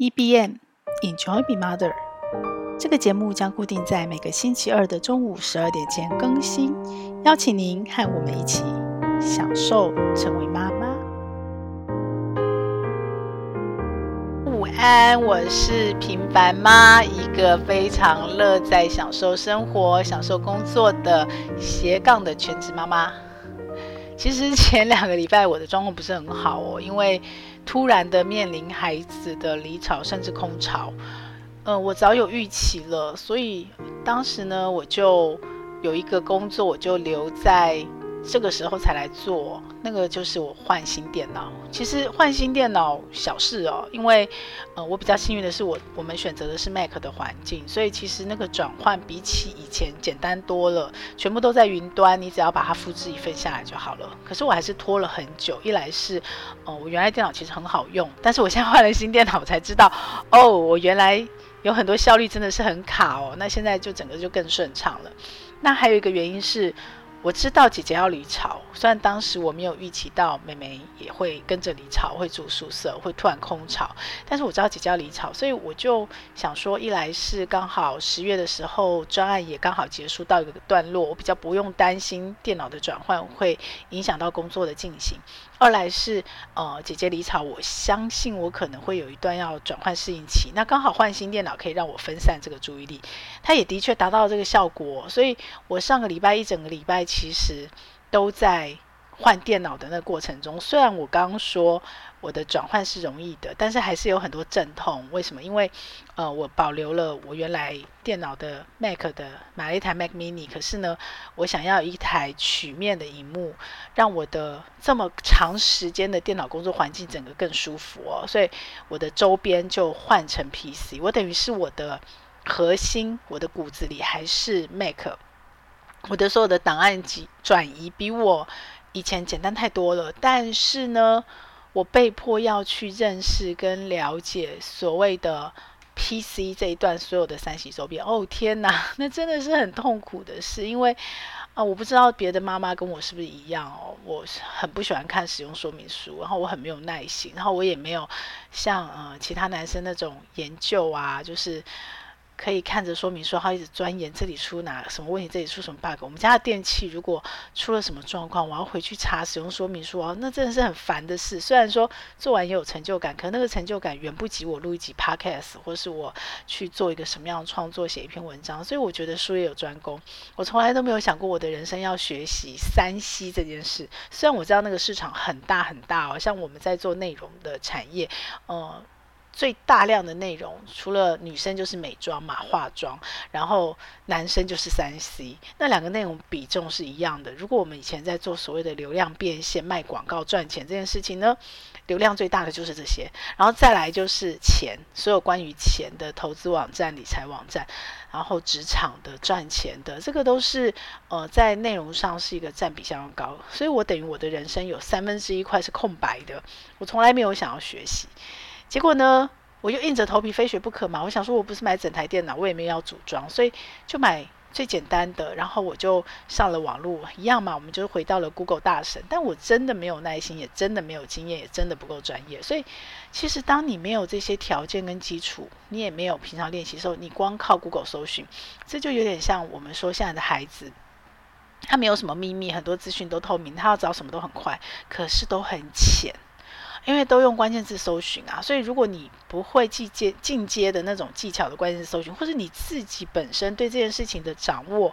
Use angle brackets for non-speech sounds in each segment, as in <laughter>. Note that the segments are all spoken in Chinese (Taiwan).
E B M Enjoy Being Mother，這個節目將固定在每個星期二的中午十二點前更新，邀請您和我們一起享受成為媽媽。午安，我是平凡媽，一個非常樂在享受生活、享受工作的斜槓的全職媽媽。其實前兩個禮拜我的狀況不是很好哦，因為，突然的面臨孩子的離巢，甚至空巢，嗯，我早有預期了，所以當時呢，我就有一個工作，我就留在。這個時候才來做，那個就是我換新電腦。其實換新電腦小事哦，因為，呃，我比較幸運的是我，我我們選擇的是 Mac 的環境，所以其實那個轉換比起以前簡單多了，全部都在雲端，你只要把它複製一份下來就好了。可是我還是拖了很久，一來是，哦、呃，我原來電腦其實很好用，但是我現在換了新電腦才知道，哦，我原來有很多效率真的是很卡哦，那現在就整個就更順暢了。那還有一個原因是。我知道姐姐要離巢，雖然當時我沒有預期到妹妹也會跟着離巢，會住宿舍，會突然空巢，但是我知道姐姐要離巢，所以我就想說，一來是剛好十月的時候，專案也剛好結束到一個段落，我比較不用擔心電腦的轉換會影響到工作的進行。二來是，呃，姐姐離巢，我相信我可能會有一段要轉換適應期。那剛好換新電腦，可以讓我分散這個注意力。它也的確達到了這個效果，所以我上個禮拜一整個禮拜其實都在，換電腦的那過程中，雖然我剛剛說我的轉換是容易的，但是還是有很多陣痛。為什麼？因為呃，我保留了我原來電腦的 Mac 的，買了一台 Mac mini，可是呢，我想要一台曲面的熒幕，讓我的這麼長時間的電腦工作環境整個更舒服哦。所以我的周邊就換成 PC，我等於是我的核心，我的骨子裡還是 Mac。我的所有的檔案及轉移比我。以前簡單太多了，但是呢，我被迫要去認識跟了解所謂的 PC 這一段所有的 3C 周邊。哦天哪，那真的是很痛苦的事，因為啊、呃，我不知道別的媽媽跟我是不是一樣哦，我很不喜歡看使用說明書，然後我很沒有耐心，然後我也沒有像呃其他男生那種研究啊，就是。可以看着說明書，然後一直鑽研。這裡出哪什麼問題？這裡出什麼 bug？我們家的電器如果出了什麼狀況，我要回去查使用說明書哦。那真的是很煩的事。雖然說做完也有成就感，可那個成就感遠不及我錄一集 podcast 或是我去做一個什麼樣的創作、寫一篇文章。所以我覺得術業有專攻，我從來都沒有想過我的人生要學習三 C 這件事。雖然我知道那個市場很大很大哦，像我們在做內容的產業，呃、嗯。最大量的內容，除了女生就是美妝嘛，化妝；然後男生就是 3C，那兩個內容比重是一樣的。如果我們以前在做所謂的流量變現、賣廣告賺錢這件事情呢，流量最大的就是這些，然後再來就是錢，所有關於錢的投資網站、理財網站，然後職場的賺錢的，這個都是呃在內容上是一個佔比相當高。所以我等於我的人生有三分之一塊是空白的，我從來沒有想要學習。結果呢，我就硬着頭皮非學不可嘛。我想說，我不是買整台電腦，我也沒有要組裝，所以就買最簡單的。然後我就上了網絡，一樣嘛，我們就回到了 Google 大神。但我真的沒有耐心，也真的沒有經驗，也真的不夠專業。所以，其實當你沒有這些條件跟基礎，你也沒有平常練習的時候，你光靠 Google 搜尋，這就有點像我們說現在的孩子，他沒有什麼秘密，很多資訊都透明，他要找什麼都很快，可是都很淺。因為都用關鍵字搜尋啊，所以如果你。不會進階進階的那種技巧的關鍵是搜尋，或者你自己本身對這件事情的掌握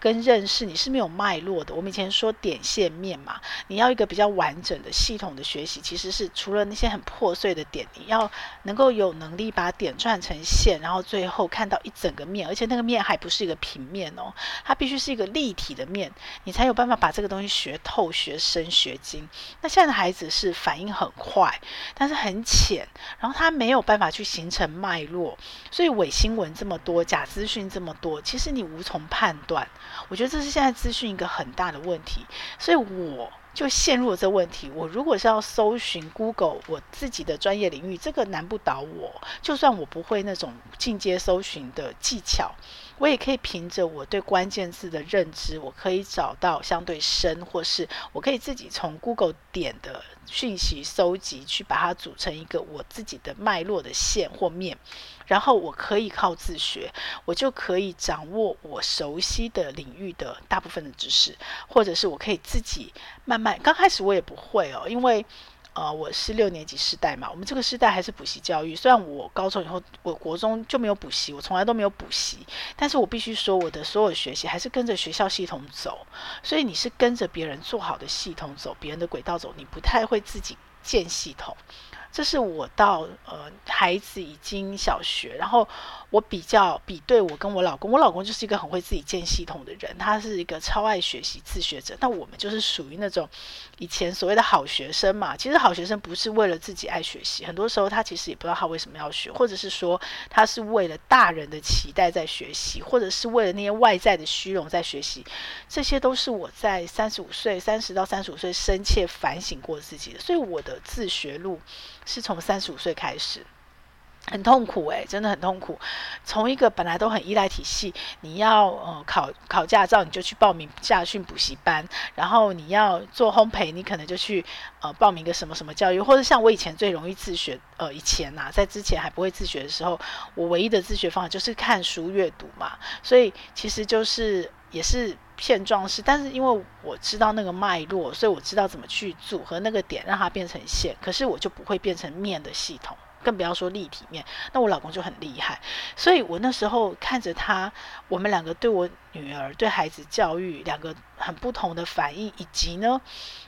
跟認識，你是沒有脈絡的。我們以前說點線面嘛，你要一個比較完整的系統的學習，其實是除了那些很破碎的點，你要能夠有能力把點串成線，然後最後看到一整個面，而且那個面還不是一個平面哦，它必須是一個立體的面，你才有辦法把這個東西學透、學深、學精。那現在的孩子是反應很快，但是很淺，然後他沒有。沒有辦法去形成脈絡，所以偽新聞這麼多，假資訊這麼多，其實你無從判斷。我覺得這是現在資訊一個很大的問題，所以我就陷入了這問題。我如果是要搜尋 Google 我自己的專業領域，這個難不倒我，就算我不會那種進階搜尋的技巧。我也可以憑着我對關鍵字的認知，我可以找到相對深，或是我可以自己從 Google 點的訊息蒐集，去把它組成一個我自己的脈絡的線或面，然後我可以靠自學，我就可以掌握我熟悉的領域的大部分的知識，或者是我可以自己慢慢，剛開始我也不會哦，因為。呃，我是六年級世代嘛，我們這個世代還是補習教育。雖然我高中以後，我國中就沒有補習，我從來都沒有補習，但是我必須說，我的所有學習還是跟着學校系統走，所以你是跟着別人做好的系統走，別人的軌道走，你不太會自己建系統。這是我到呃，孩子已經小學，然後。我比較比對我跟我老公，我老公就是一個很會自己建系統的人，他是一個超愛學習自學者。那我們就是屬於那種以前所謂的好學生嘛。其實好學生不是為了自己愛學習，很多時候他其實也不知道他為什麼要學，或者是說他是為了大人的期待在學習，或者是為了那些外在的虛榮在學習。這些都是我在三十五歲、三十到三十五歲深切反省過自己的，所以我的自學路是從三十五歲開始。很痛苦哎、欸，真的很痛苦。從一個本來都很依賴體系，你要呃考考駕照，你就去報名駕訓補習班；然後你要做烘焙，你可能就去呃報名個什麼什麼教育，或者像我以前最容易自學呃以前吶、啊，在之前還不會自學的時候，我唯一的自學方法就是看書閱讀嘛。所以其實就是也是片狀式，但是因為我知道那個脈絡，所以我知道怎麼去組合那個點，讓它變成線。可是我就不會變成面的系統。更不要說立體面，那我老公就很厲害，所以我那時候看着他，我們兩個對我女兒對孩子教育兩個很不同的反應，以及呢，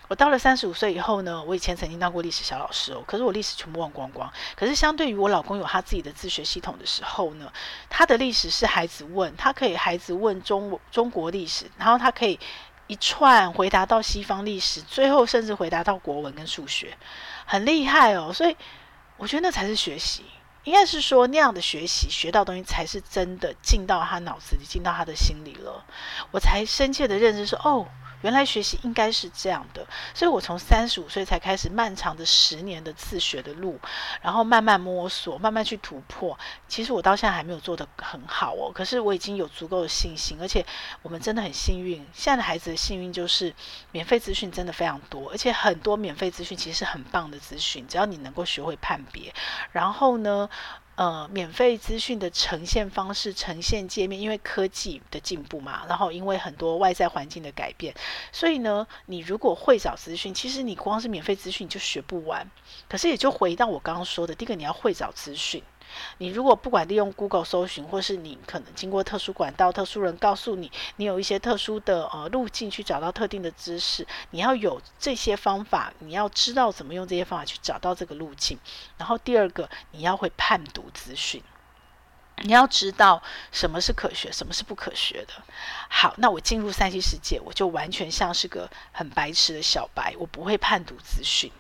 我到了三十五歲以後呢，我以前曾經當過歷史小老師哦，可是我歷史全部忘光光。可是相對於我老公有他自己的自學系統的時候呢，他的歷史是孩子問他可以，孩子問中中國歷史，然後他可以一串回答到西方歷史，最後甚至回答到國文跟數學，很厲害哦，所以。我覺得那才是學習，應該是說那樣的學習，學到東西才是真的進到他腦子裡，進到他的心裡了。我才深切的認識說，哦。原來學習應該是這樣的，所以我從三十五歲才開始漫長的十年的自學的路，然後慢慢摸索，慢慢去突破。其實我到現在還沒有做得很好哦，可是我已經有足夠的信心，而且我們真的很幸運。現在的孩子的幸運就是免費資訊真的非常多，而且很多免費資訊其實是很棒的資訊，只要你能夠學會判別。然後呢，呃，免費資訊的呈現方式、呈現界面，因為科技的進步嘛，然後因為很多外在環境的改變，所以呢，你如果會找資訊，其實你光是免費資訊你就學不完。可是，也就回到我剛剛說的，第一個，你要會找資訊。你如果不管利用 Google 搜尋，或是你可能經過特殊管道、特殊人告訴你，你有一些特殊的呃路徑去找到特定的知識，你要有這些方法，你要知道怎麼用這些方法去找到這個路徑。然後第二個，你要會判讀資訊。你要知道什麼是可學，什麼是不可學的。好，那我進入 3C 世界，我就完全像是個很白痴的小白，我不會判讀資訊，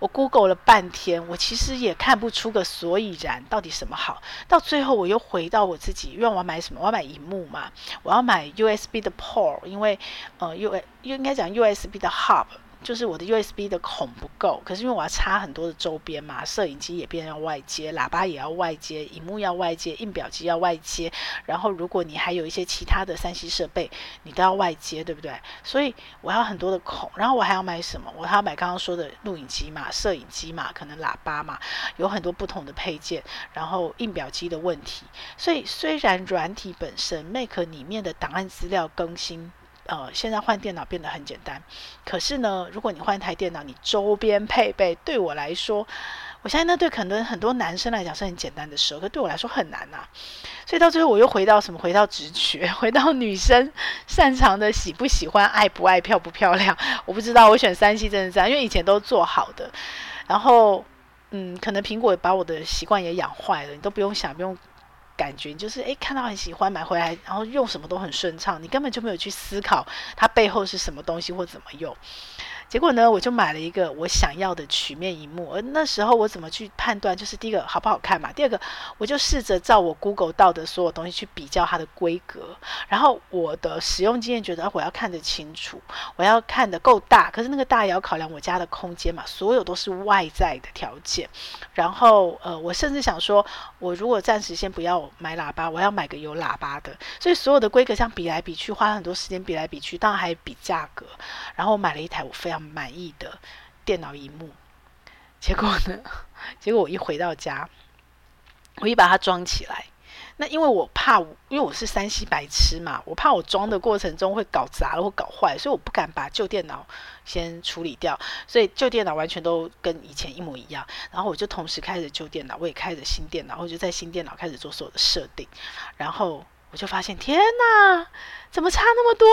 我 Google 了半天，我其實也看不出個所以然，到底什麼好。到最後，我又回到我自己，因為我要買什麼？我要買熒幕嘛，我要買 USB 的 Port，因為呃，US 又應該講 USB 的 Hub。就是我的 USB 的孔不夠，可是因為我要插很多的週邊嘛，攝影機也變要外接，喇叭也要外接，熒幕要外接，印表機要外接，然後如果你還有一些其他的三 C 設備，你都要外接，對不對？所以我要很多的孔，然後我還要買什麼？我還要買剛剛說的錄影機嘛，攝影機嘛，可能喇叭嘛，有很多不同的配件，然後印表機的問題。所以雖然軟體本身 Mac 裡面的檔案資料更新。呃，現在換電腦變得很簡單。可是呢，如果你換台電腦，你周邊配備，對我來說，我相信那對可能很多男生來講是很簡單的事，可對我來說很難吶、啊。所以到最後，我又回到什麼？回到直覺，回到女生擅長的喜不喜歡、愛不愛、漂不漂亮。我不知道我選 3C 真的這樣，因為以前都做好的。然後，嗯，可能蘋果把我的習慣也養壞了，你都不用想，不用。感覺就是，哎，看到很喜歡，買回來，然後用什麼都很順暢，你根本就沒有去思考它背後是什麼東西或怎麼用。結果呢，我就買了一個我想要的曲面熒幕。而那時候我怎麼去判斷？就是第一個好不好看嘛，第二個我就試着照我 Google 到的所有東西去比較它的規格。然後我的使用經驗覺得，我要看得清楚，我要看得夠大，可是那個大也要考量我家的空間嘛，所有都是外在的條件。然後呃，我甚至想說，我如果暫時先不要買喇叭，我要買個有喇叭的。所以所有的規格相比來比去，花了很多時間比來比去，當然還比價格。然後我買了一台，我非常。滿意的電腦熒幕，結果呢？結果我一回到家，我一把它裝起來，那因為我怕，因為我是 3C 白痴嘛，我怕我裝的過程中會搞砸了或搞壞，所以我不敢把舊電腦先處理掉，所以舊電腦完全都跟以前一模一樣。然後我就同時開着舊電腦，我也開着新電腦，我就在新電腦開始做所有的設定，然後。我就發現，天哪，怎麼差那麼多？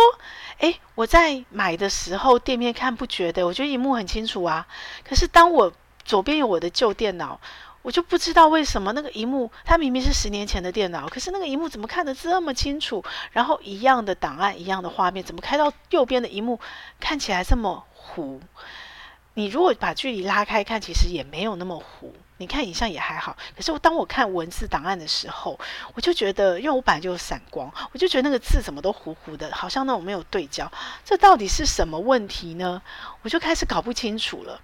誒，我在買的時候，店面看不覺得，我覺得螢幕很清楚啊。可是當我左邊有我的舊電腦，我就不知道為什麼那個螢幕，它明明是十年前的電腦，可是那個螢幕怎麼看得這麼清楚？然後一樣的檔案，一樣的畫面，怎麼開到右邊的螢幕看起來這麼糊？你如果把距離拉開看，其實也沒有那麼糊。你看影像也還好，可是我當我看文字檔案的時候，我就覺得，因為我本來就有散光，我就覺得那個字怎麼都糊糊的，好像那種沒有對焦。這到底是什麼問題呢？我就開始搞不清楚了。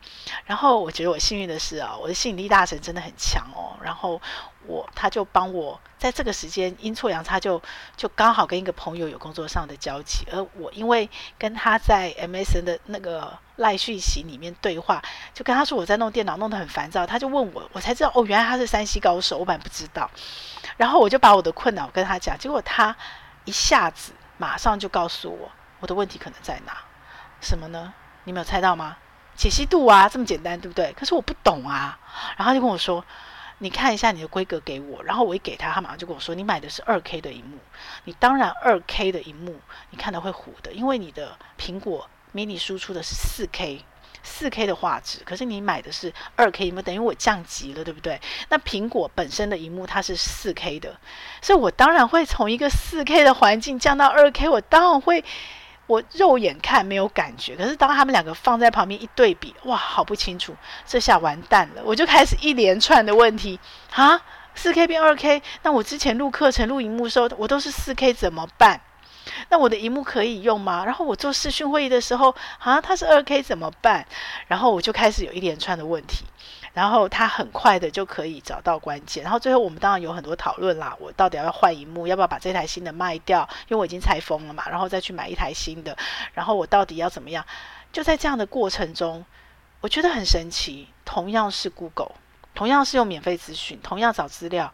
然後我覺得我幸運的是啊，我的吸引力大神真的很強哦。然後。我他就幫我在這個時間陰錯陽差，就就剛好跟一個朋友有工作上的交集，而我因為跟他在 MSN 的那個賴訊息裡面對話，就跟他說我在弄電腦弄得很煩躁，他就問我，我才知道哦，原來他是 3C 高手，我本來不知道。然後我就把我的困擾跟他講，結果他一下子馬上就告訴我我的問題可能在哪，什麼呢？你沒有猜到嗎？解析度啊，這麼簡單，對不對？可是我不懂啊，然後就跟我說。你看一下你的規格給我，然後我一給他，他馬上就跟我說：“你買的是二 K 的屏幕，你當然二 K 的屏幕，你看到會糊的，因為你的蘋果 Mini 輸出的是四 K，四 K 的畫質，可是你買的是二 K、螢幕，等於我降級了，對不對？那蘋果本身的屏幕它是四 K 的，所以我當然會從一個四 K 的環境降到二 K，我當然會。”我肉眼看沒有感覺，可是當他們兩個放在旁邊一對比，哇，好不清楚，這下完蛋了。我就開始一連串的問題，哈，四 K 變二 K，那我之前錄課程、錄熒幕的時候，我都是四 K，怎麼辦？那我的熒幕可以用嗎？然後我做視訊會議的時候，啊，它是二 K 怎麼辦？然後我就開始有一連串的問題。然後他很快的就可以找到關鍵，然後最後我們當然有很多討論啦。我到底要不要換螢幕，要不要把這台新的賣掉？因為我已經拆封了嘛，然後再去買一台新的。然後我到底要怎麼樣？就在這樣的過程中，我覺得很神奇。同樣是 Google，同樣是用免費資訊，同樣找資料。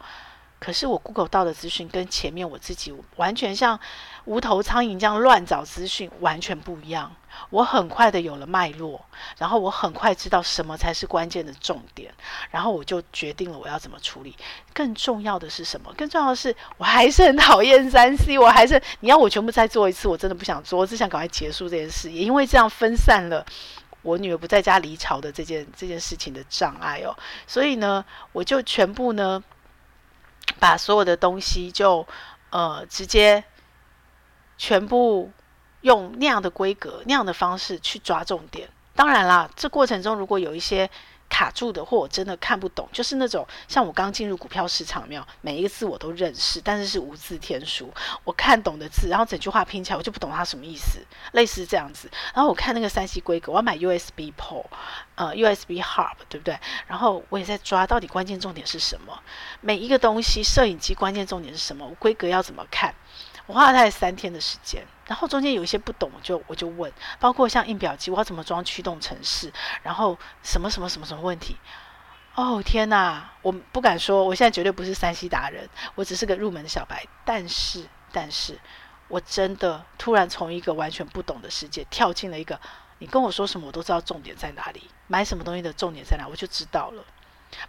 可是我 Google 到的資訊跟前面我自己完全像無頭蒼蠅這樣亂找資訊完全不一樣。我很快的有了脈絡，然後我很快知道什麼才是關鍵的重點，然後我就決定了我要怎麼處理。更重要的是什麼？更重要的是我還是很討厭 3C，我還是你要我全部再做一次，我真的不想做，我只想趕快結束這件事。也因為這樣分散了我女兒不在家離巢的這件這件事情的障礙哦。所以呢，我就全部呢。把所有的東西就，呃，直接全部用那樣的規格、那樣的方式去抓重點。當然啦，這過程中如果有一些。卡住的，或我真的看不懂，就是那種像我剛進入股票市場，沒有每一個字我都認識，但是是無字天書，我看懂的字，然後整句話拼起來我就不懂它什麼意思，類似這樣子。然後我看那個 3C 規格，我要買 USB port，呃，USB hub，對不對？然後我也在抓到底關鍵重點是什麼，每一個東西，攝影機關鍵重點是什麼，我規格要怎麼看？我花了大概三天的時間，然後中間有一些不懂我就，就我就問，包括像印表機，我要怎麼裝驅動程式，然後什麼什麼什麼什麼問題。哦天哪，我不敢說，我現在絕對不是 3C 達人，我只是個入門的小白。但是，但是我真的突然從一個完全不懂的世界跳進了一個，你跟我說什麼我都知道重點在哪裡，買什麼東西的重點在哪，我就知道了。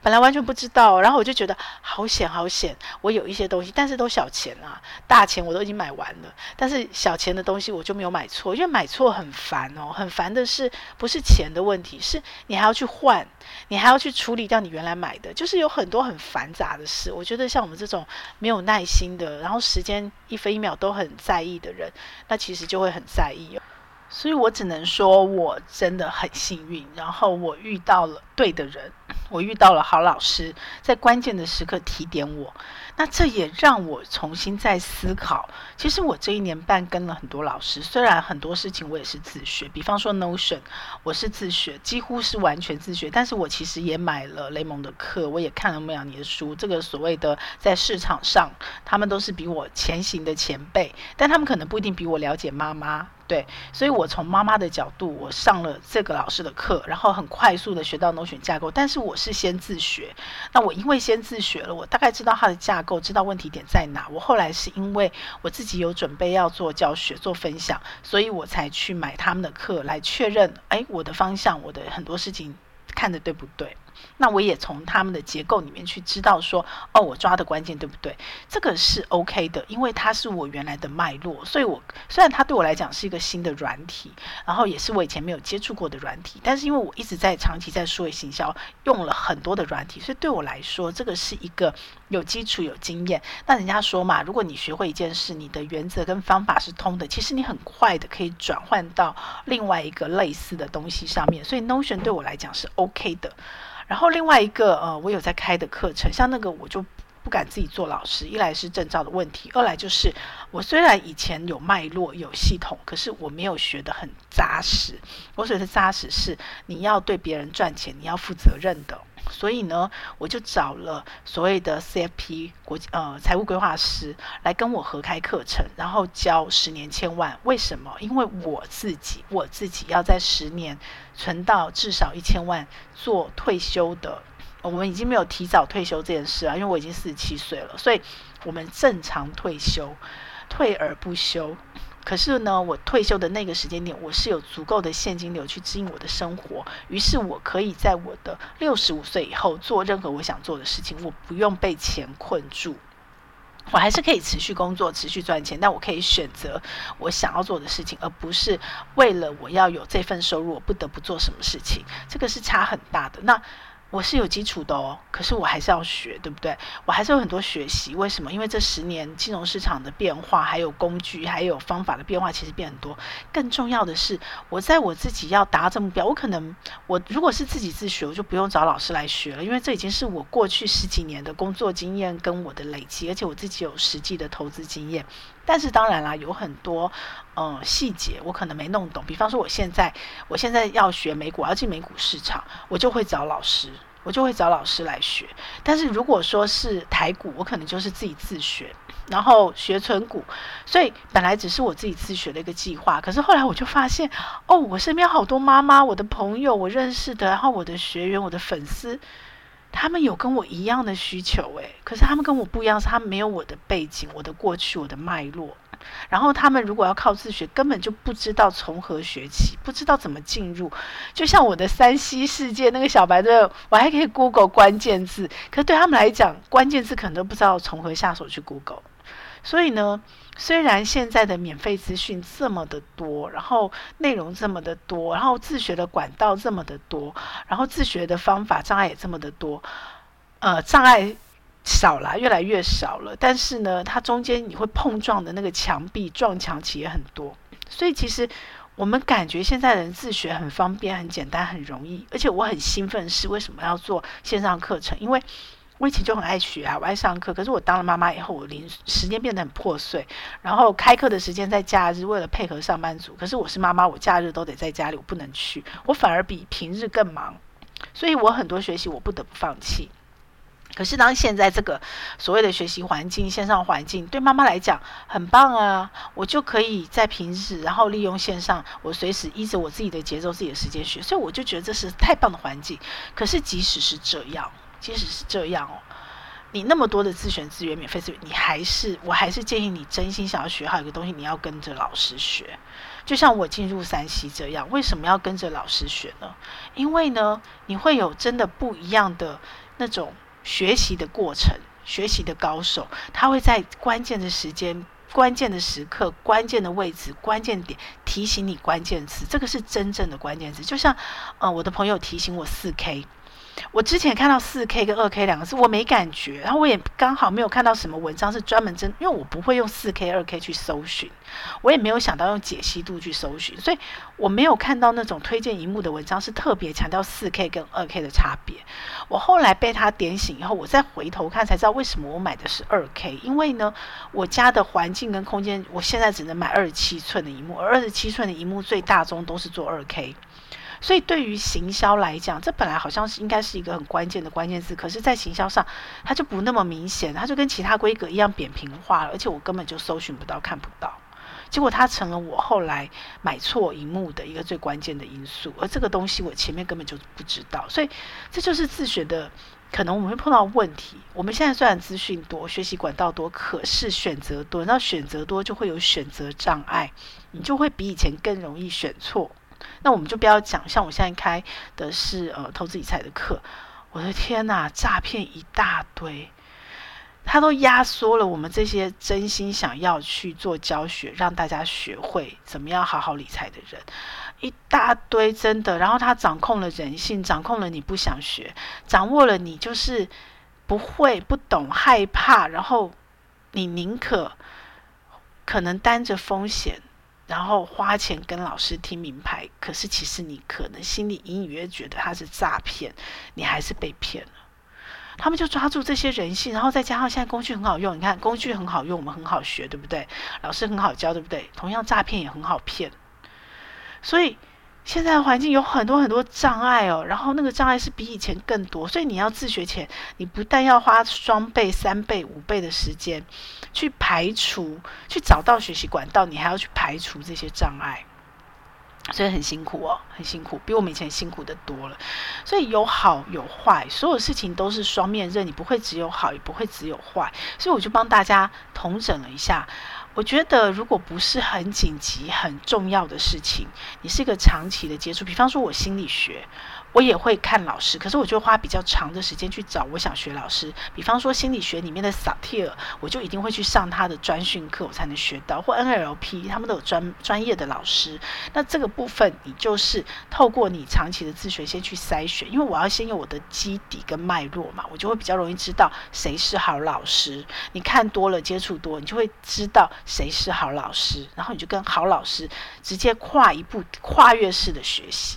本來完全不知道，然後我就覺得好險好險！我有一些東西，但是都小錢啊，大錢我都已經買完了。但是小錢的東西我就沒有買錯，因為買錯很煩哦。很煩的是，不是錢的問題，是你還要去換，你還要去處理掉你原來買的，就是有很多很繁雜的事。我覺得像我們這種沒有耐心的，然後時間一分一秒都很在意的人，那其實就會很在意哦。所以我只能說我真的很幸運，然後我遇到了對的人。我遇到了好老師，在關鍵的時刻提點我，那這也讓我重新再思考。其實我這一年半跟了很多老師，雖然很多事情我也是自學，比方說 Notion 我是自學，幾乎是完全自學。但是我其實也買了雷蒙的課，我也看了莫鳥尼的書。這個所謂的在市場上，他們都是比我前行的前輩，但他們可能不一定比我了解媽媽。對，所以我從媽媽的角度，我上了這個老師的課，然後很快速的學到 NoSQL 架構。但是我是先自學，那我因為先自學了，我大概知道它的架構，知道問題點在哪。我後來是因為我自己有準備要做教學、做分享，所以我才去買他們的課來確認，哎，我的方向，我的很多事情看得對不對。那我也從他們的結構裡面去知道說，哦，我抓的關鍵對不對？這個是 OK 的，因為它是我原來的脈絡，所以我雖然它對我來講是一個新的軟體，然後也是我以前沒有接觸過的軟體，但是因為我一直在長期在數位行銷用了很多的軟體，所以對我來說這個是一個有基礎有經驗。那人家說嘛，如果你學會一件事，你的原則跟方法是通的，其實你很快的可以轉換到另外一個類似的東西上面。所以 Notion 對我來講是 OK 的。然後另外一個呃，我有在開的課程，像那個我就不敢自己做老師，一來是證照的問題，二來就是我雖然以前有脈絡有系統，可是我沒有學得很扎實。我所謂的扎實是你要對別人賺錢你要負責任的。所以呢，我就找了所謂的 CFP 國際呃財務規劃師來跟我合開課程，然後教十年千萬。為什麼？因為我自己，我自己要在十年存到至少一千萬做退休的。哦、我們已經沒有提早退休這件事了。啊，因為我已經四十七歲了，所以我們正常退休，退而不休。可是呢，我退休的那個時間點，我是有足夠的現金流去支應我的生活，於是我可以在我的六十五歲以後做任何我想做的事情，我不用被錢困住，我還是可以持續工作，持續賺錢，但我可以選擇我想要做的事情，而不是為了我要有這份收入，我不得不做什麼事情。這個是差很大的。那。我是有基礎的哦，可是我還是要學，對不對？我還是有很多學習。為什麼？因為這十年金融市場的變化，還有工具，還有方法的變化，其實變很多。更重要的是，我在我自己要達這目標，我可能我如果是自己自學，我就不用找老師來學了，因為這已經是我過去十幾年的工作經驗跟我的累積，而且我自己有實際的投資經驗。但是當然啦，有很多嗯、呃、細節我可能沒弄懂。比方說，我現在我現在要學美股，我要進美股市場，我就會找老師。我就會找老師來學，但是如果說是台股，我可能就是自己自學，然後學存股，所以本來只是我自己自學的一個計劃，可是後來我就發現，哦，我身邊好多媽媽、我的朋友、我認識的，然後我的學員、我的粉絲，他們有跟我一樣的需求，欸，誒，可是他們跟我不一樣，是他們沒有我的背景、我的過去、我的脈絡。然後他們如果要靠自學，根本就不知道從何學起，不知道怎麼進入。就像我的 3C 世界那個小白的，我還可以 Google 關鍵字，可是對他們來講，關鍵字可能都不知道從何下手去 Google。所以呢，雖然現在的免費資訊這麼的多，然後內容這麼的多，然後自學的管道這麼的多，然後自學的方法障礙也這麼的多，呃，障礙。少了，越來越少了。但是呢，它中間你會碰撞的那個牆壁撞牆期也很多。所以其實我們感覺現在人自學很方便、很簡單、很容易。而且我很興奮是為什麼要做線上課程？因為我以前就很愛學啊，我愛上課。可是我當了媽媽以後，我零時間變得很破碎。然後開課的時間在假日，為了配合上班族。可是我是媽媽，我假日都得在家裡，我不能去。我反而比平日更忙。所以我很多學習我不得不放棄。可是，當現在這個所謂的學習環境、線上環境，對媽媽來講很棒啊！我就可以在平時，然後利用線上，我隨時依着我自己的節奏、自己的時間學。所以，我就覺得這是太棒的環境。可是，即使是這樣，即使是這樣哦，你那麼多的自選資源、免費資源，你還是，我還是建議你，真心想要學好一個東西，你要跟着老師學。就像我進入山西這樣，為什麼要跟着老師學呢？因為呢，你會有真的不一樣的那種。學習的過程，學習的高手，他會在關鍵的時間、關鍵的時刻、關鍵的位置、關鍵點提醒你關鍵詞。這個是真正的關鍵詞，就像，呃，我的朋友提醒我 4K。我之前看到四 K 跟二 K 兩個字，我沒感覺，然後我也剛好沒有看到什麼文章是專門針，因為我不會用四 K、二 K 去搜尋，我也沒有想到用解析度去搜尋，所以我沒有看到那種推薦螢幕的文章是特別強調四 K 跟二 K 的差別。我後來被他點醒以後，我再回頭看才知道為什麼我買的是二 K，因為呢，我家的環境跟空間，我現在只能買二十七寸的螢幕，而二十七寸的螢幕最大宗都是做二 K。所以對於行銷來講，這本來好像是應該是一個很關鍵的關鍵字。可是，在行銷上它就不那麼明顯，它就跟其他規格一樣扁平化了，而且我根本就搜尋不到，看不到。結果它成了我後來買錯螢幕的一個最關鍵的因素，而這個東西我前面根本就不知道。所以這就是自學的，可能我們會碰到問題。我們現在雖然資訊多、學習管道多，可是選擇多，那選擇多就會有選擇障礙，你就會比以前更容易選錯。那我們就不要講，像我現在開的是呃投資理財的課，我的天哪，詐騙一大堆，他都壓縮了我們這些真心想要去做教學，讓大家學會怎麼樣好好理財的人，一大堆真的，然後他掌控了人性，掌控了你不想學，掌握了你就是不會、不懂、害怕，然後你寧可可能擔着風險。然後花錢跟老師聽名牌，可是其實你可能心裡隱隱約約覺得他是詐騙，你還是被騙了。他們就抓住這些人性，然後再加上現在工具很好用，你看工具很好用，我們很好學，對不對？老師很好教，對不對？同樣詐騙也很好騙，所以。現在的環境有很多很多障礙哦，然後那個障礙是比以前更多，所以你要自學前，你不但要花雙倍、三倍、五倍的時間去排除、去找到學習管道，你還要去排除這些障礙，所以很辛苦哦，很辛苦，比我們以前辛苦的多了。所以有好有壞，所有事情都是雙面刃，你不會只有好，也不會只有壞。所以我就幫大家統整了一下。我覺得，如果不是很緊急、很重要的事情，你是一個長期的接觸，比方說我心理學。我也會看老師，可是我就花比較長的時間去找我想學老師。比方說心理學裡面的薩提爾，我就一定會去上他的專訓課，我才能學到。或 NLP，他們都有專專業的老師，那這個部分你就是透過你長期的自學先去篩選，因為我要先有我的基底跟脈絡嘛，我就會比較容易知道誰是好老師。你看多了，接觸多了，你就會知道誰是好老師，然後你就跟好老師直接跨一步，跨越式的學習。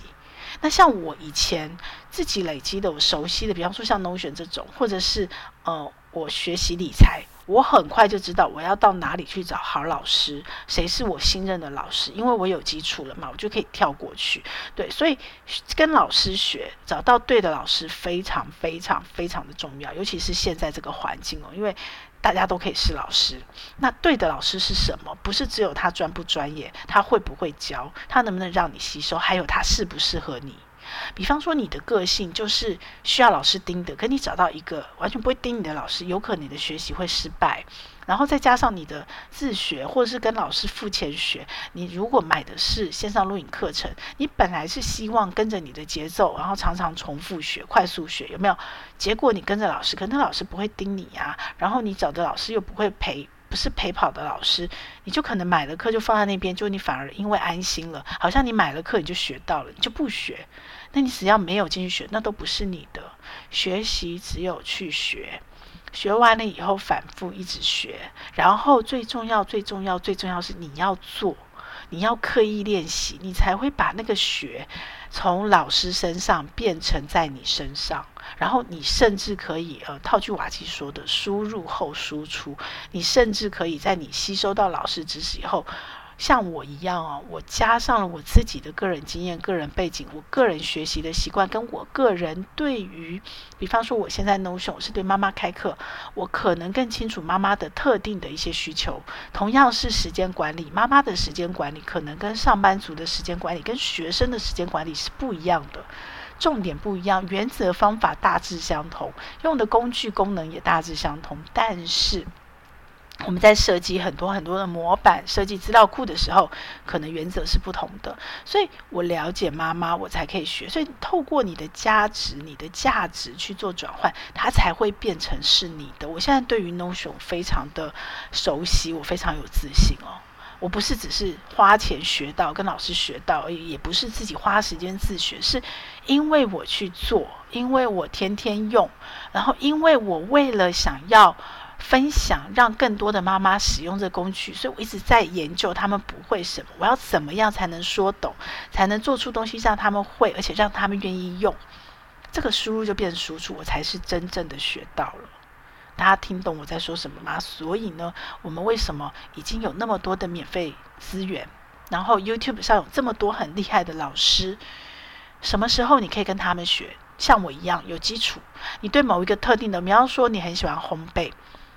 那像我以前自己累積的，我熟悉的，比方說像農學這種，或者是呃，我學習理財，我很快就知道我要到哪裡去找好老師，誰是我信任的老師，因為我有基礎了嘛，我就可以跳過去。對，所以跟老師學，找到對的老師非常非常非常的重要，尤其是現在這個環境哦，因為。大家都可以是老師，那對的老師是什麼？不是只有他專不專業，他會不會教，他能不能讓你吸收，還有他適不適合你。比方說，你的個性就是需要老師盯的，可你找到一個完全不會盯你的老師，有可能你的學習會失敗。然後再加上你的自學，或者是跟老師付錢學。你如果買的是線上錄影課程，你本來是希望跟着你的節奏，然後常常重複學、快速學，有沒有？結果你跟着老師，可能那老師不會盯你啊。然後你找的老師又不會陪，不是陪跑的老師，你就可能買了課就放在那邊，就你反而因為安心了，好像你買了課你就學到了，你就不學。那你只要沒有進去學，那都不是你的學習，只有去學。學完了以後，反覆一直學，然後最重要、最重要、最重要是你要做，你要刻意練習，你才會把那個學從老師身上變成在你身上。然後你甚至可以，呃，套句瓦基說的“輸入後輸出”，你甚至可以在你吸收到老師知識以後。像我一樣啊，我加上了我自己的個人經驗、個人背景、我個人學習的習慣，跟我個人對於，比方說我現在 Notion 是對媽媽開課，我可能更清楚媽媽的特定的一些需求。同樣是時間管理，媽媽的時間管理可能跟上班族的時間管理、跟學生的時間管理是不一樣的，重點不一樣，原則方法大致相同，用的工具功能也大致相同，但是。我們在設計很多很多的模板、設計資料庫的時候，可能原則是不同的。所以我了解媽媽，我才可以學。所以透過你的價值、你的價值去做轉換，它才會變成是你的。我現在對於 Notion 非常的熟悉，我非常有自信哦。我不是只是花錢學到、跟老師學到，也不是自己花時間自學，是因為我去做，因為我天天用，然後因為我為了想要。分享，讓更多的媽媽使用這工具，所以我一直在研究他們不會什麼，我要怎麼樣才能說懂，才能做出東西讓他們會，而且讓他們願意用，這個輸入就變成輸出，我才是真正的學到了。大家聽懂我在說什麼嗎？所以呢，我們為什麼已經有那麼多的免費資源，然後 YouTube 上有這麼多很厲害的老師？什麼時候你可以跟他們學？像我一樣有基礎，你對某一個特定的，比方說你很喜歡烘焙。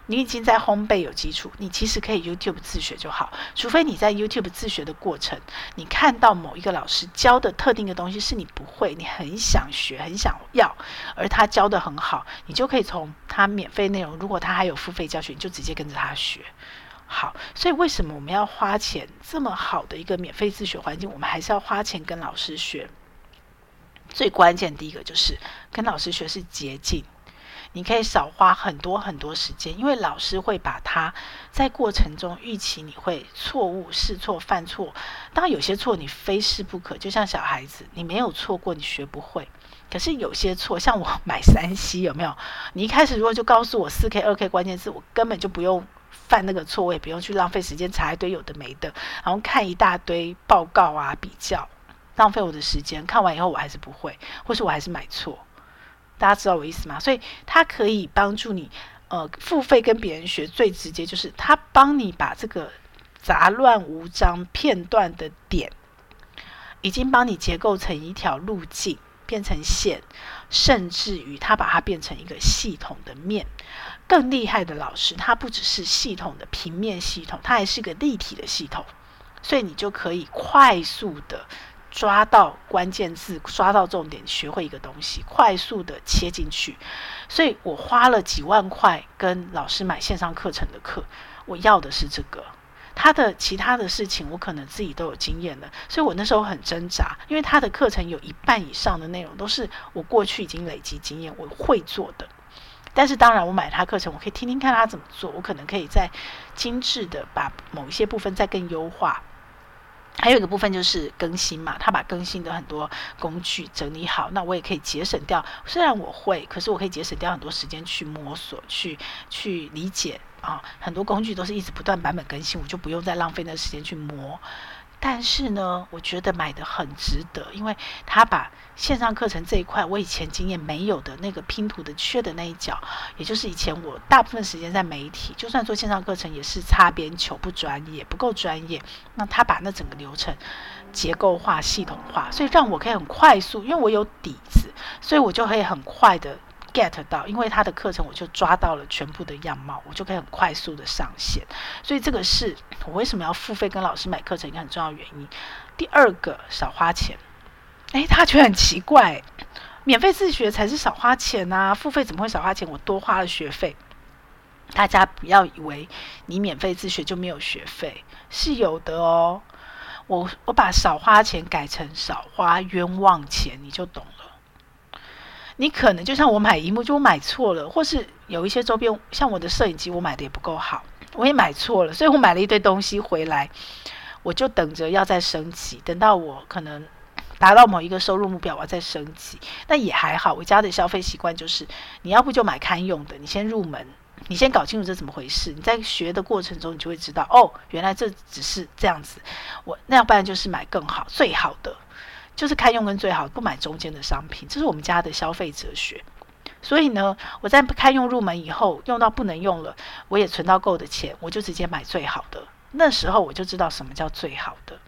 你已經在烘焙有基礎，你其實可以 YouTube 自學就好。除非你在 YouTube 自學的過程，你看到某一個老師教的特定的東西是你不會，你很想學，很想要，而他教的很好，你就可以從他免費內容。如果他還有付費教學，你就直接跟着他學。好，所以為什麼我們要花錢，這麼好的一個免費自學環境，我們還是要花錢跟老師學？最關鍵第一個就是跟老師學是捷徑。你可以少花很多很多時間，因為老師會把它在過程中預期你會錯誤、試錯、犯錯，當然有些錯你非試不可。就像小孩子，你沒有錯過你學不會。可是有些錯，像我買三 C 有沒有？你一開始如果就告訴我四 K、二 K，關鍵字，我根本就不用犯那個錯，我也不用去浪費時間查一堆有的沒的，然後看一大堆報告啊、比較，浪費我的時間。看完以後我還是不會，或是我還是買錯。大家知道我意思嗎？所以它可以幫助你，呃，付費跟別人學最直接就是，它幫你把這個雜亂無章片段的點，已經幫你結構成一條路徑，變成線，甚至於它把它變成一個系統的面。更厲害的老師，他不只是系統的平面系統，他還是個立體的系統，所以你就可以快速的。刷到關鍵字，刷到重點，學會一個東西，快速的切進去。所以我花了幾萬塊跟老師買線上課程的課，我要的是這個。他的其他的事情我可能自己都有經驗了，所以我那時候很掙扎，因為他的課程有一半以上的內容都是我過去已經累積經驗我會做的。但是當然，我買他課程，我可以聽聽看他怎麼做，我可能可以再精緻的把某一些部分再更優化。還有一個部分就是更新嘛，他把更新的很多工具整理好，那我也可以節省掉。雖然我會，可是我可以節省掉很多時間去摸索、去去理解啊。很多工具都是一直不斷版本更新，我就不用再浪費那時間去磨。但是呢，我覺得買的很值得，因為他把線上課程這一塊，我以前經驗沒有的那個拼圖的缺的那一角，也就是以前我大部分時間在媒體，就算做線上課程也是擦邊球，不專業，不夠專業。那他把那整個流程結構化、系統化，所以讓我可以很快速，因為我有底子，所以我就可以很快的。get 到，因為他的課程，我就抓到了全部的樣貌，我就可以很快速的上線。所以這個是我為什麼要付費跟老師買課程一個很重要的原因。第二個，少花錢。誒，他覺得很奇怪，免費自學才是少花錢啊？付費怎麼會少花錢？我多花了學費。大家不要以為你免費自學就沒有學費，是有的哦。我我把少花錢改成少花冤枉錢，你就懂了。你可能就像我買螢幕，就我買錯了，或是有一些週邊，像我的攝影機，我買的也不夠好，我也買錯了，所以我買了一堆東西回來，我就等着要再升級，等到我可能達到某一個收入目標，我要再升級，那也還好。我家的消費習慣就是，你要不就買堪用的，你先入門，你先搞清楚這怎麼回事，你在學的過程中，你就會知道，哦，原來這只是這樣子，我那要不然就是買更好、最好的。就是堪用跟最好不買中間的商品，這是我們家的消費哲學。所以呢，我在堪用入門以後，用到不能用了，我也存到夠的錢，我就直接買最好的。那時候我就知道什麼叫最好的。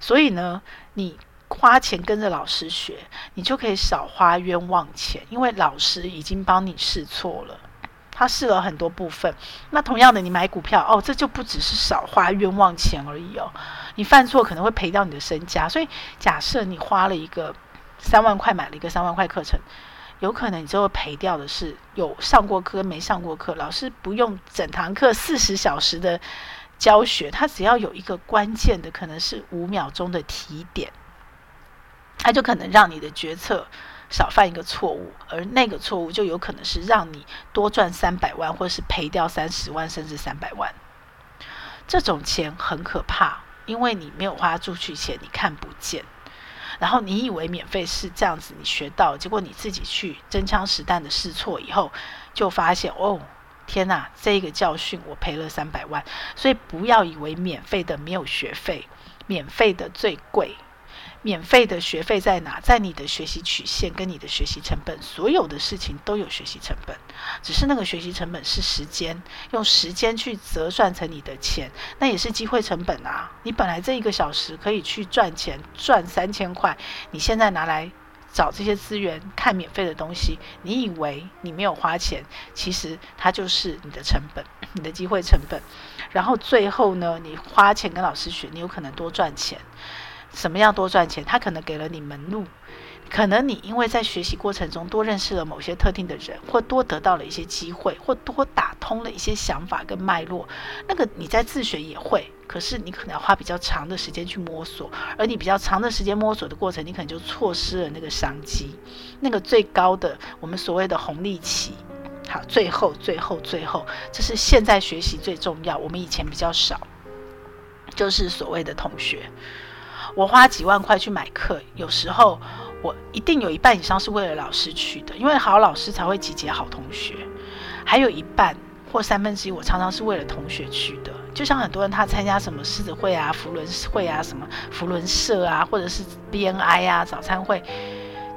所以呢，你花錢跟着老師學，你就可以少花冤枉錢，因為老師已經幫你試錯了。他適合很多部分，那同樣的，你買股票哦，這就不只是少花冤枉錢而已哦，你犯錯可能會賠掉你的身家。所以，假設你花了一個三萬塊買了一個三萬塊課程，有可能你最後賠掉的是有上過課跟沒上過課，老師不用整堂課四十小時的教學，他只要有一個關鍵的，可能是五秒鐘的提點，他就可能讓你的決策。少犯一個錯誤，而那個錯誤就有可能是讓你多賺三百萬，或者是賠掉三十萬甚至三百萬。這種錢很可怕，因為你沒有花出去錢，你看不見。然後你以為免費是這樣子，你學到，結果你自己去真槍實彈的試錯以後，就發現哦，天哪，這個教訓我賠了三百萬。所以不要以為免費的沒有學費，免費的最貴。免費的學費在哪？在你的學習曲線跟你的學習成本，所有的事情都有學習成本，只是那個學習成本是時間，用時間去折算成你的錢，那也是機會成本啊！你本來這一個小時可以去賺錢，賺三千塊，你現在拿來找這些資源看免費的東西，你以為你沒有花錢，其實它就是你的成本，你的機會成本。然後最後呢，你花錢跟老師學，你有可能多賺錢。什麼樣多賺錢？他可能給了你門路，可能你因為在學習過程中多認識了某些特定的人，或多得到了一些機會，或多打通了一些想法跟脈絡。那個你在自學也會，可是你可能要花比較長的時間去摸索，而你比較長的時間摸索的過程，你可能就錯失了那個商機，那個最高的我們所謂的紅利期。好，最後最後最後，這是現在學習最重要，我們以前比較少，就是所謂的同學。我花幾萬塊去買課，有時候我一定有一半以上是為了老師去的，因為好老師才會集結好同學，還有一半或三分之一，我常常是為了同學去的。就像很多人他參加什麼獅子會啊、扶輪會啊、什麼扶輪社啊，或者是 BNI 啊、早餐會。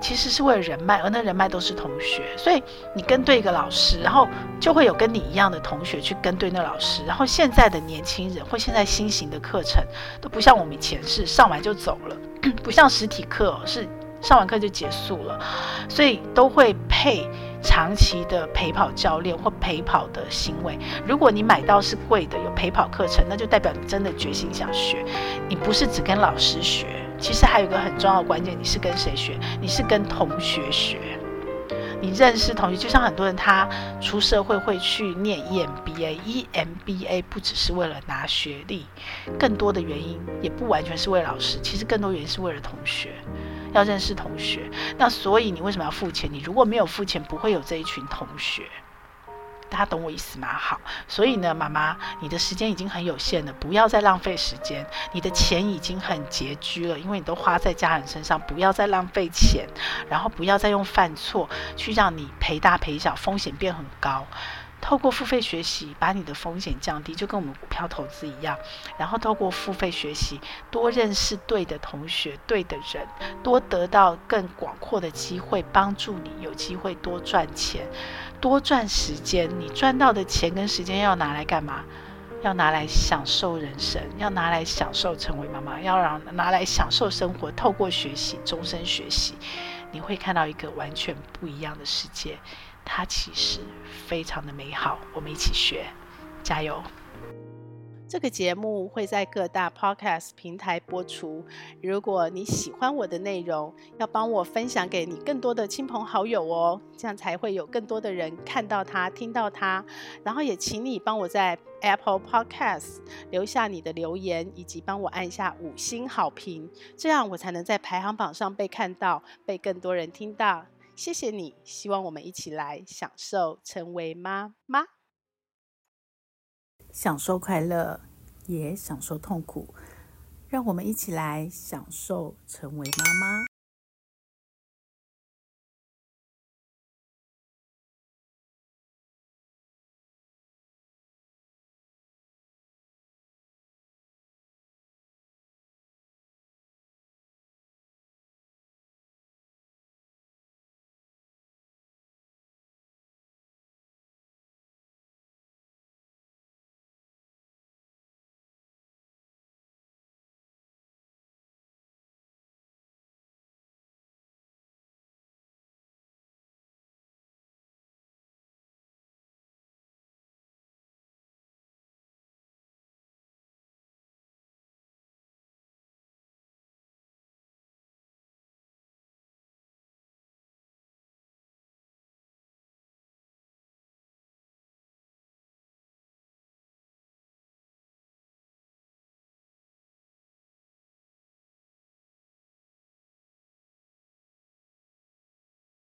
其實是為了人脈，而那人脈都是同學，所以你跟對一個老師，然後就會有跟你一樣的同學去跟對那老師。然後現在的年輕人或現在新型的課程都不像我們以前是上完就走了， <coughs> 不像實體課哦，是上完課就結束了，所以都會配長期的陪跑教練或陪跑的行為。如果你買到是貴的有陪跑課程，那就代表你真的決心想學，你不是只跟老師學。其實還有一個很重要的關鍵，你是跟誰學？你是跟同學學，你認識同學。就像很多人他出社會會去念 EMBA，EMBA 不只是為了拿學歷，更多的原因也不完全是為了老師，其實更多原因是為了同學，要認識同學。那所以你為什麼要付錢？你如果沒有付錢，不會有這一群同學。他懂我意思嗎？好，所以呢，媽媽，你的時間已經很有限了，不要再浪費時間；你的錢已經很拮据了，因為你都花在家人身上，不要再浪費錢，然後不要再用犯錯去讓你賠大賠小，風險變很高。透過付費學習，把你的風險降低，就跟我們股票投資一樣。然後透過付費學習，多認識對的同學、對的人，多得到更廣闊的機會，幫助你有機會多賺錢、多賺時間。你賺到的錢跟時間要拿來幹嘛？要拿來享受人生，要拿來享受成為媽媽，要讓拿來享受生活。透過學習，終身學習，你會看到一個完全不一樣的世界。它其實非常的美好，我們一起學，加油！這個節目會在各大 Podcast 平台播出。如果你喜歡我的內容，要幫我分享給你更多的親朋好友哦，這樣才會有更多的人看到它、聽到它。然後也請你幫我在 Apple Podcast 留下你的留言，以及幫我按下五星好評，這樣我才能在排行榜上被看到，被更多人聽到。謝謝你，希望我們一起來享受成為媽媽。享受快樂，也享受痛苦。讓我們一起來享受成為媽媽。